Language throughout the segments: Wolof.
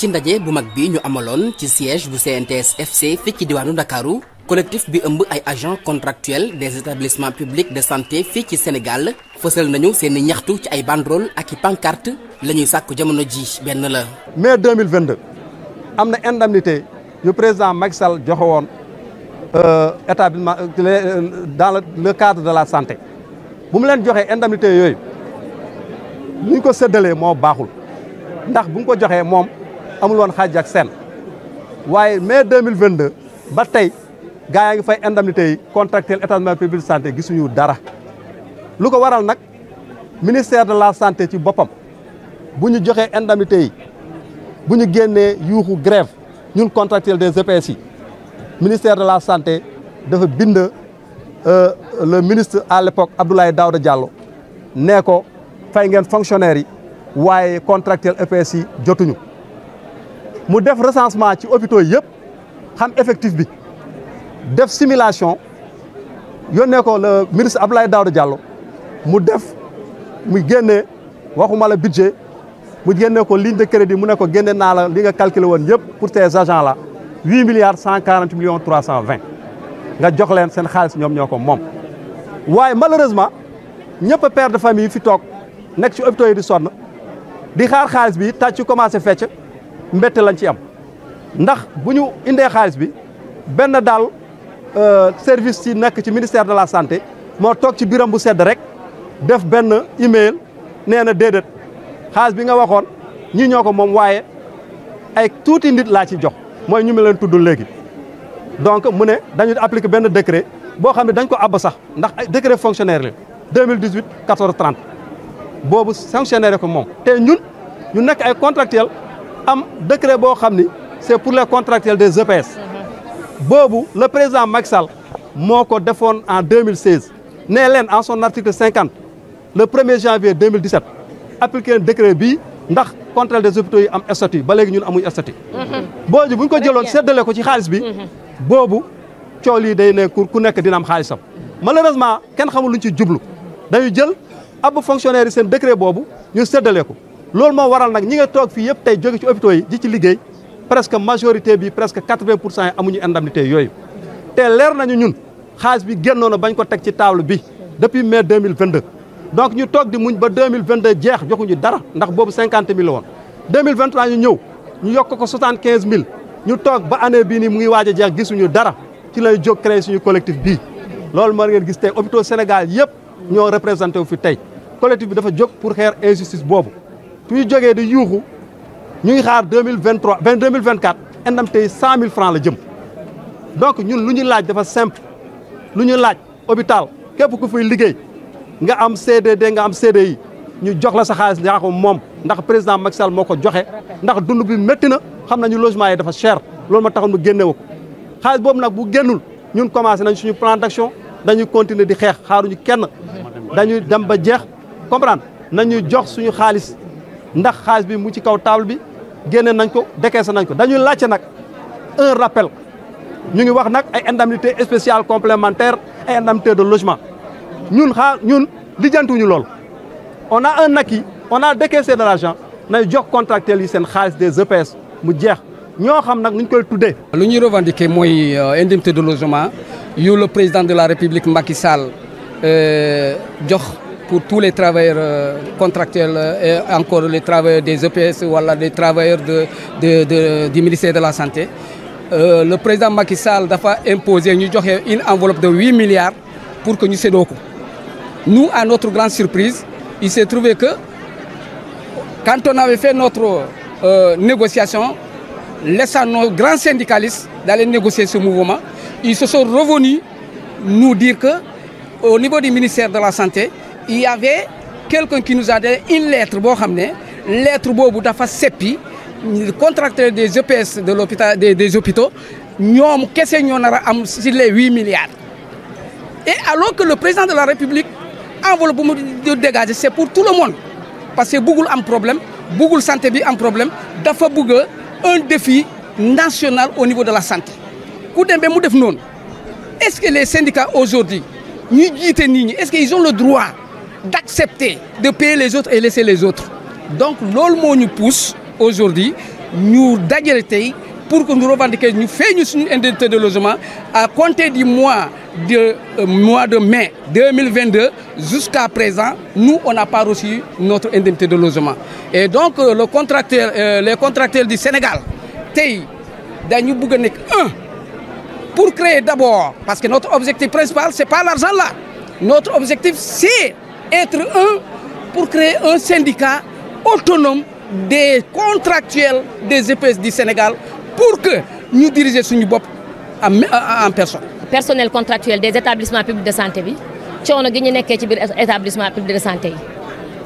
ci ndaje bu mag bi ñu amaloon ci siège bu CNTS FC fii ci diwaanu Ndakaaru collectif bi ëmb ay agent contractuels des établissements publics de santé fii ci Sénégal fësal nañu seen i ñaxtu ci ay banderole ak i pancarte la ñuy sàkku jamono ji benn la. mai 2022 am na indemnité yu président Macky Sall joxe woon euh, établissement euh, dans le cadre de la santé. bu mu leen joxee indemnité yooyu ni ñu ko séddalee moo baaxul ndax bu ñu ko joxee moom amul woon xaaj ak seen waaye mai 2022 ba tey gaa ngi fay indemnité yi contractuel établissement public de santé gisuñu dara lu ko waral nag ministère de la santé ci boppam bu ñu joxee indemnité yi bu ñu génnee yuuxu grève ñun contractuel des EPS yi ministère de la santé dafa bind Euh, le ministre à l'époque Abdoulaye Daouda Diallo nee ko fay ngeen fonctionnaire yi waaye contractuel EPS yi jotuñu mu def recensement ci hôpitaux yëpp xam effectif bi def simulation yónnee ko le ministre Abdoulaye Daouda Diallo mu def mu génnee waxuma la budget mu génnee ko ligne de crédit mu ne ko génne naa la li nga calculé woon yëpp pour ces agents là huit milliards cent quarante millions trois cent vingt nga jox leen seen xaalis ñoom ñoo ko moom. waaye malheureusement ñëpp père de famille fi toog nekk ci hôpitaux yi di sonn di xaar xaalis bi tàcc ci commencé fecc mbette lañ ci am ndax bu ñu indee xaalis bi benn daal euh, service ci nekk ci ministère de la santé moo toog ci biram bu sedd rek def benn email nee na déedéet xaalis bi nga waxoon ñi ñoo ko moom waaye ay tuuti ndit laa ci jox mooy ñu mu leen tuddul léegi donc mu ne dañu appliqué benn décret boo xam ne dañ ko àbb sax ndax ay décret fonctionnaire la 2018 14 30 boobu sanctionnaire ko moom. te ñun ñu nekk ay contractuels am décret boo xam ni c'est pour les contractuels des EPS. boobu le président Macky Sall moo ko defoon en 2016 nee leen en son article 50 le 1er janvier 2017 appliqué leen décret bii ndax contrat de hôpitaux yi am statut ba léegi ñun amuñ statut. Mhm. boobu bu ko jëloon séddale ko ci xaalis bi. Mhm. boobu cool yi day ne ku nekk dina am xaalisam malheureusement kenn xamul luñ ci jublu dañu jël ab fonctionnaire yi seen décret boobu ñu séddale ko loolu moo waral nag ñi nga toog fii yëpp tey jóge ci hôpitaux yi di ci liggéey presque majorité bi presque quatre-vingt pour cent yi amuñu indemnité yooyu te leer nañu ñun xaalis bi génnoon na bañ ko teg ci table bi depuis mai 2022 donc ñu toog di muñ ba 2022 jeex joxuñu dara ndax boobu cinquante mille la woon 2023 ñu ñëw ñu yokk ko soixante quinze mille ñu toog ba année bii nii mu ngi waaj a jeex gisuñu dara ci lay jóg créé suñu collectif bi loolu moo ngeen gis tey hôpitaux Sénégal yëpp ñoo représenté wu fi tey collectif bi dafa jóg pour xeer injustice boobu tuy jógee di yuuxu ñu ngi xaar deux mille vingt trois vingt deux mille vingt quatre cent mille francs la jëm donc ñun lu ñu laaj dafa simple lu ñu laaj hôpital képp ku fuy liggéey nga am CDD nga am CDI. ñu jox la sa xaalis yaa moom ndax président Macky Sall moo ko joxe ndax dund bi métti na xam nañu logement yi dafa cher loolu ma taxoon mu génne ko xaalis boobu nag bu génnul ñun commencé nañ suñu plan d'action dañuy continuer di xeex xaaruñu kenn dañuy dem ba jeex comprendre nañuy jox suñu xaalis ndax xaalis bi mu ci kaw table bi génne nañ ko décaissé nañ ko dañuy laajte nag un rappel ñu ngi wax nag ay indemnité spéciale complémentaire ay indemnité de ñun xaar ñun lijjantuñu loolu on a un acquis on a décaissé de l'argent nay jox contractuels yi seen xaalis des EPS mu jeex ñoo xam nag nu ñu koy tuddee. lu ñuy revendiquer mooy euh, indemnité de logement yu le président de la République Macky Sall euh, jox pour tous les travailleurs euh, contracteurs et encore les travailleurs des EPS wala des travailleurs de de de du de la santé. le président Macky Sall dafa imposer ñu joxe une enveloppe de huit milliards pour que ñu séddoo ko nous à notre grande surprise. il s'est trouvé que quand on avait fait notre euh, négociation, laissant nos grands syndicalistes d'aller négocier ce mouvement, ils se sont revenus nous dire que au niveau des ministère de la Santé, il y avait quelqu'un qui une lettre boo xam ne lettre boobu dafa seppi contracteur des EPS de l'hôpital des, des hôpitaux ñoom kese ñoo nar a am si les huit milliards et alors que le président de la République enveloppe bu mu di dégager c'est pour tout le monde parce que bëggul am problème bëggul santé bi am problème dafa bëgg un défi national au niveau de la santé ku dem ba mu def noonu est-ce que les syndicats aujourd'hui ñuy jiite nit ñi est-ce qu'ils ont le droit d'accepter de payer les autres et laisser les autres donc loolu moo ñu pousse aujourd'hui ñu dajale tey pour que ñu revendiquer ñu feeñu suñu indemnité de logement à compter du mois de euh, mois de mai 2022 jusqu'à présent, nous, on n'a pas reçu notre indemnité de logement. Et donc, euh, le contracteur, euh, les contracteurs du Sénégal, TEI, nous voulons un, pour créer d'abord, parce que notre objectif principal, ce n'est pas l'argent là. Notre objectif, c'est être un, pour créer un syndicat autonome des contractuels des EPS du Sénégal, pour que nous dirigeons ce en, en personne. personnel contractuel des établissements publics de santé bi coono gi ñu nekkee ci biir établissement public de santé yi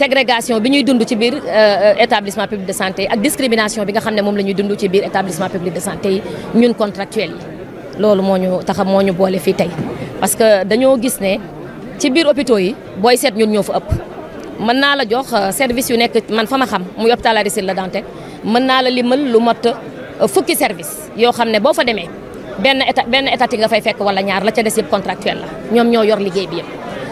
ségrégation bi ñuy dund ci biir euh, établissement public de santé yi ak discrimination bi nga xam ne moom la ñuy dund ci biir établissement public de santé yi ñun contractuel yi loolu moo ñu taxam moo ñu boole fii tey parce que dañoo gis ne ci biir hôpitaux yi booy seet ñun ñoo fa ëpp mën naa la jox euh, service yu nekk man fa ma xam mu muy hôpital Aristide Le Dantec mën naa la limal lu mot euh, fukki service yoo xam ne boo fa demee benn état benn état nga fay fekk wala ñaar la ca des yëpp contractuel la ñoom ñoo yor liggéey bi yëpp.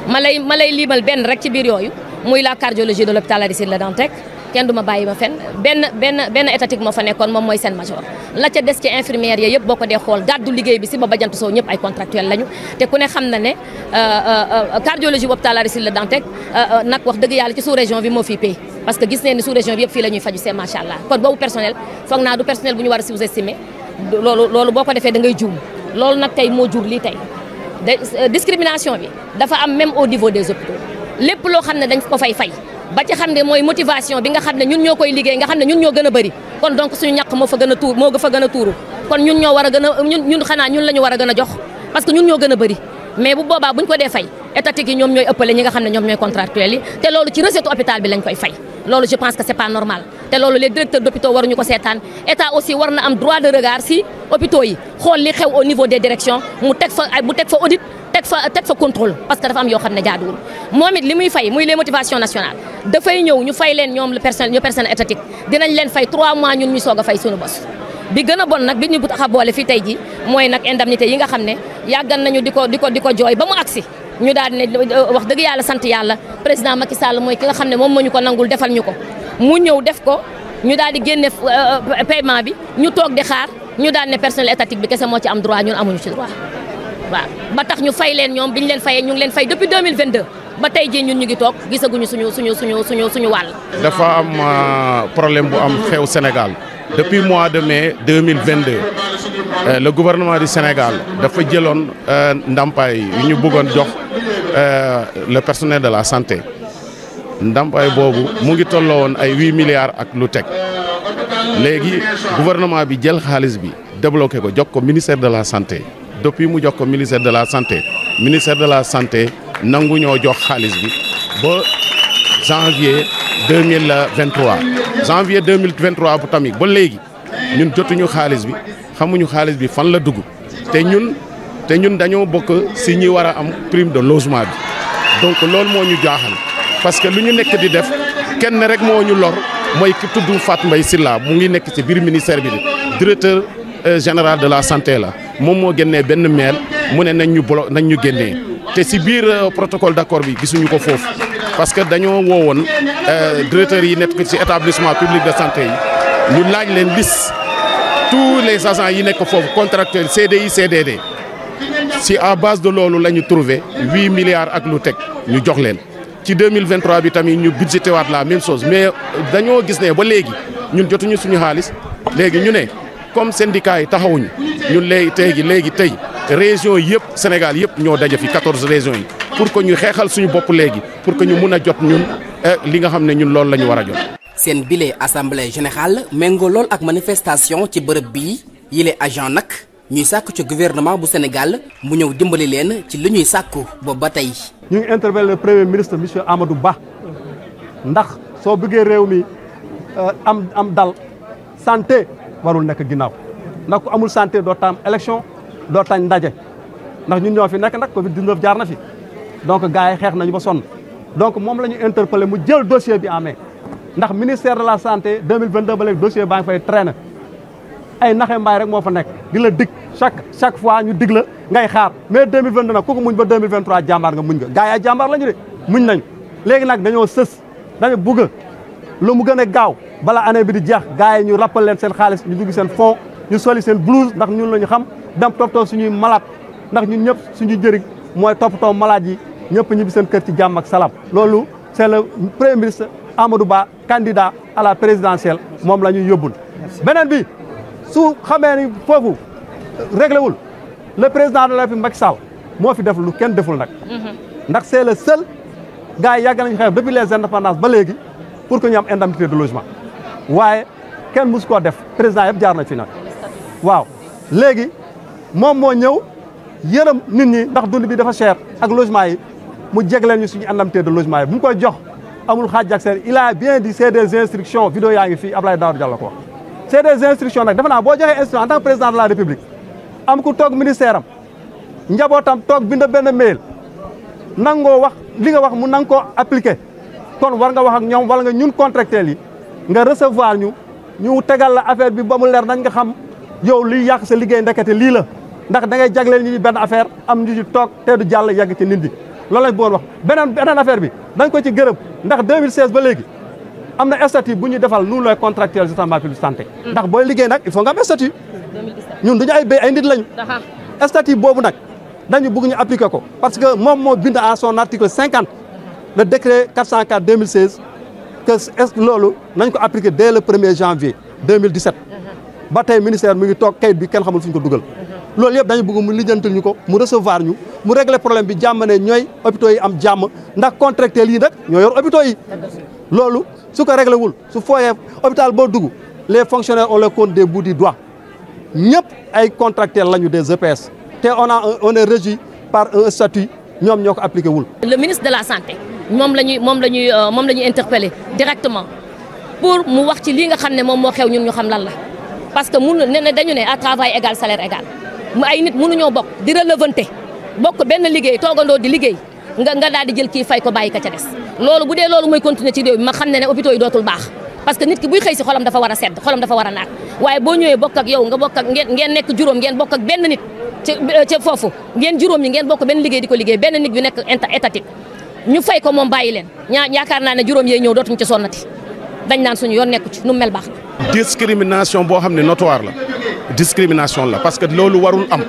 ma lay ma lay liimal benn rek ci biir yooyu muy la cardiologie de l'hôpital Aristide Le Dantec kenn du bàyyi ma fenn benn étatique moo fa nekkoon moom mooy seen major la ca des ci infirmières ya yëpp boo ko dee xool gàddu liggéey bi si ba bajant soo ñëpp ay contractuel lañu te ku ne xam na ne euh, euh, euh, cardiologie bu hôpital Aristide Le nag wax dëgg yàlla ci sous région loolu loolu boo ko defee da ngay juum loolu nag tey moo jur lii tey euh, discrimination bi dafa am même au niveau des hôpitaux lépp loo xam ne dañ ko fay fay ba ci xam ne mooy motivation bi nga xam ne ñun ñoo koy liggéey nga xam ne ñun ñoo gën kon donc suñu ñàkk a tuur moo a tuuru kon ñun ñoo war a gën a ñun ñun la ñu a gën a jox parce que ñun ñoo gën a bëri mais bu boobaa buñ ko dee fay étatique yi ñoom ñooy ëppale ñi nga xam ne ñoom ñooy contractuels te loolu ci recette hôpital bi lañ koy fay loolu je pense que c' est pas normal te loolu les directeurs d' hôpitaux waruñu ko seetaan état aussi war na am droit de regard si hôpitaux yi xool li xew au niveau des directions mu teg fa ay mu teg audit teg fa teg fa contrôle parce que dafa am yoo xam ne jaaduwul moom it li muy fay muy les motivations nationales dafay ñëw ñu fay leen ñoom le personnel ñu personnel dinañ leen fay 3 mois ñun ñu soog a fay suñu bos. bi gën a bon nag bi ñu tax boole fii tey ji mooy nag indemnité yi nga xam ne yàggan nañu di ko di ko di ko jooy ba mu agsi ñu daal ne euh, wax dëgg yàlla sant yàlla président Macky Sall mooy ki nga xam ne moom moo ñu ko nangul defal ñu ko mu ñëw def ko ñu daal di génne euh, euh, paiement bi ñu toog di xaar ñu daal ne personnel étatique bi kese moo ci am droit ñun amuñu ci droit waaw ba tax ñu fay leen ñoom bi ñu leen fayee ñu ngi leen fay depuis 2022 ba tey jii ñun ñu ngi toog gisaguñu suñu suñu suñu suñu suñu wàll. dafa am problème bu am xew Sénégal depuis mois de mai 2022 Euh, le gouvernement di Sénégal dafa jëloon euh, ndàmpaay yu ñu buggoon jox euh, le personnel de la santé ndampaay boobu mu ngi tolloo woon ay huit milliards ak lu teg léegi gouvernement bi jël xaalis bi débloqué ko jox ko ministère de la santé depuis mu jox ko ministère de la santé ministère de la santé nangu ñoo jox xaalis bi boo janvier deux mille vingt trois janvier deux mille vingt trois bu tamit ba léegi ñun jotuñu xaalis bi. xamuñu xaalis bi fan la dugg te ñun te ñun dañoo bokk si ñi war a am prime de logement bi donc loolu moo ñu jaaxal parce que lu ñu nekk di def kenn rek moo ñu lor mooy ki tudd mbay Mbaye Sylla mu ngi nekk ci biir ministère bi directeur euh, général de la santé la moom moo génnee benn mail mu ne nañ ñu bolo nañ ñu génnee te si biir euh, protocole d'accord bi gisuñu ko foofu parce que dañoo woowoon euh, directeur yi nekk ci établissement public de santé yi ñu laaj leen liste tous les agents yi nekk foofu contracteur contractuels CDI CDD si à base de loolu la ñu trouvé huit milliards ak lu teg ñu jox leen. ci deux mille vingt trois bi tamit ñu budgété waat la même chose mais dañoo gis ne ba léegi ñun jotuñu suñu xaalis léegi ñu ne comme syndicat yi taxawuñu ñun léegi tey gi léegi tey région yëpp Sénégal yëpp ñoo daje fi quatorze régions yi pour que ñu xeexal suñu bopp léegi pour que ñu mun a jot ñun eh, li nga xam ne ñun loolu la ñu war a jot. seen bile assemblée générale méngoo lool ak manifestation ci bërëb bii yile agent nag ñuy sàkku ci gouvernement bu senegal mu ñëw dimbali leen ci li ñuy sàkku boobu ba tey. ñu ngi interpellé le premier ministre monsieur Amadou Ba ndax soo bëggee réew mi euh, am am dal santé warul nekk ginnaaw ndax ku amul sante doo taam élection doo tañ ndaje ndax ñun ñoo fi nekk nag Covid 19 jaar na fi donc gars xeex nañu ba sonn donc moom la ñu interpellé mu jël dossier bi ndax ministère de la santé 2022 ba léegi dossier baa ngi fay traîner ay naxe mbaay rek moo fa nekk di la dig chaque chaque fois ñu dig la ngay xaar mais 2022 nag ku ko muñ ba 2023 jàmbaar nga muñ nga gars yi ay jàmbaar la de muñ nañ léegi nag dañoo sës dañu bugg loo mu gën a gaaw bala année bi di jeex gars yi ñu rappel leen seen xaalis ñu dugg seen fonds ñu soli seen blouse ndax ñun la ñu xam dem toppatoo suñuy malade ndax ñun ñëpp suñu jëriñ mooy toppatoo malade yi ñëpp ñibbi seen kër ci jàmm ak salaam loolu c'est le premier ministre Amadou Ba candidat à la présidentielle moom la ñuy yóbbul beneen bi su xamee ni foofu réglé le président de la République Macky Sall moo fi def lu kenn deful nag mhm. ndax c'est le seul gars yi yàgg nañu xeex depuis les indépendances ba léegi pour que ñu am indemnité de logement waaye kenn mosu koo def président yëpp jaar na fi nag waaw léegi moom moo ñëw yërëm nit ñi ndax dund bi dafa cher ak logement yi mu jegleen ñu suñu indemnité de logement yi bu mu koy jox amul xaaj ak seen il a bien dit c'est des instructions vidéo yaa ngi fii Ablaye Daouda Diallo ko wax c'est des nag defe naa boo joxee instruction en tant que président de la république am ku toog ministère am njabootam toog bind benn mail nangoo wax li nga wax mu nang koo appliqué kon war nga wax ak ñoom wala nga ñun contractuels yi nga recevoir ñu ñu tegal la affaire bi ba mu leer nañ nga xam yow liy yàq sa liggéey ndekete lii la ndax da ngay jagleel ñu benn affaire am ñu toog te du jàll yegg ci nit ñi loolu lañ bëggoon wax beneen beneen affaire bi dañ ko ci gërëm ndax 2016 ba léegi am na statut bu ñu defal nous les contractuels état public de santé. Mm. ndax booy liggéey nag il faut nga am statut. ñun duñu ay béy ay nit lañu. statut boobu nag dañu bëgg ñu appliquer ko. parce que moom moo bind en son article 50 le décret 404 2016 que est loolu nañ ko appliquer dès le 1er janvier 2017. Mm-hmm. ba tey ministère mi ngi toog kayit bi kenn xamul fu ñu ko dugal. Mm-hmm. loolu yëpp dañu bëgg mu lijjantil ñu ko mu recevoir ñu mu régler problème bi jàmm ne ñooy hôpitaux yi am jàmm ndax contractuels yi nag ñoo yor hôpitaux loolu su ko réglé wul su fooyee hôpital boo dugg les fonctionnaires on les compte des bouts du doigt ñëpp ay contractuels lañu des EPS te on a on est régi par un statut ñoom ñoo ko appliqué wul. le ministre de la santé moom la ñuy moom la ñuy euh, moom la ñuy interpellé directement pour mu wax ci lii nga xam ne moom moo xew ñun ñu xam lan la parce que mun ne dañu ne à travail égal mu ay nit mënuñoo bokk di relevante bokk benn liggéey toogandoo di liggéey nga nga daal di jël kii fay ko bàyyi ka ca loolu bu dee loolu mooy continuer ci réew ma xam ne ne hôpitaux yi dootul baax parce que nit ki buy xëy si xolam dafa war a sedd xolam dafa war a naat waaye boo ñëwee bokk ak yow nga bokk ak ngeen nekk juróom ngeen bokk ak benn nit ca foofu ngeen juróom ñi ngeen bokk benn liggéey di ko liggéey benn nit bi nekk étatique ñu fay ko moom bàyyi leen ñaa yaakaar naa ne juróom yee ñëw dootuñu ci sonnati dañ naan suñu yoon nekku ci boo xam ne notoire la discrimination la parce que loolu warul am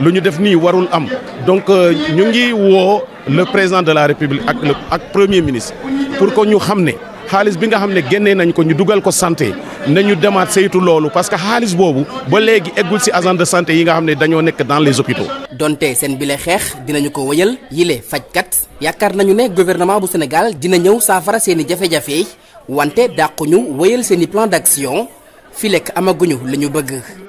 lu ñu def nii warul am donc euh, ñu ngi woo le président de la république ak ak premier ministre pour que ñu xam ne xaalis bi nga xam ne génnee nañ ko ñu dugal ko santé nañu demaat saytu loolu parce que xaalis boobu ba léegi eggul ci agent de santé yi nga xam ne dañoo nekk dans les hôpitaux. donte seen bile xeex dinañu ko wëyal yile fajkat yaakaar nañu ne gouvernement bu Sénégal dina ñëw saafara seen i jafe-jafe wante dàquñu wëyal seen i plan d'action fileek amaguñu li ñu bëgg.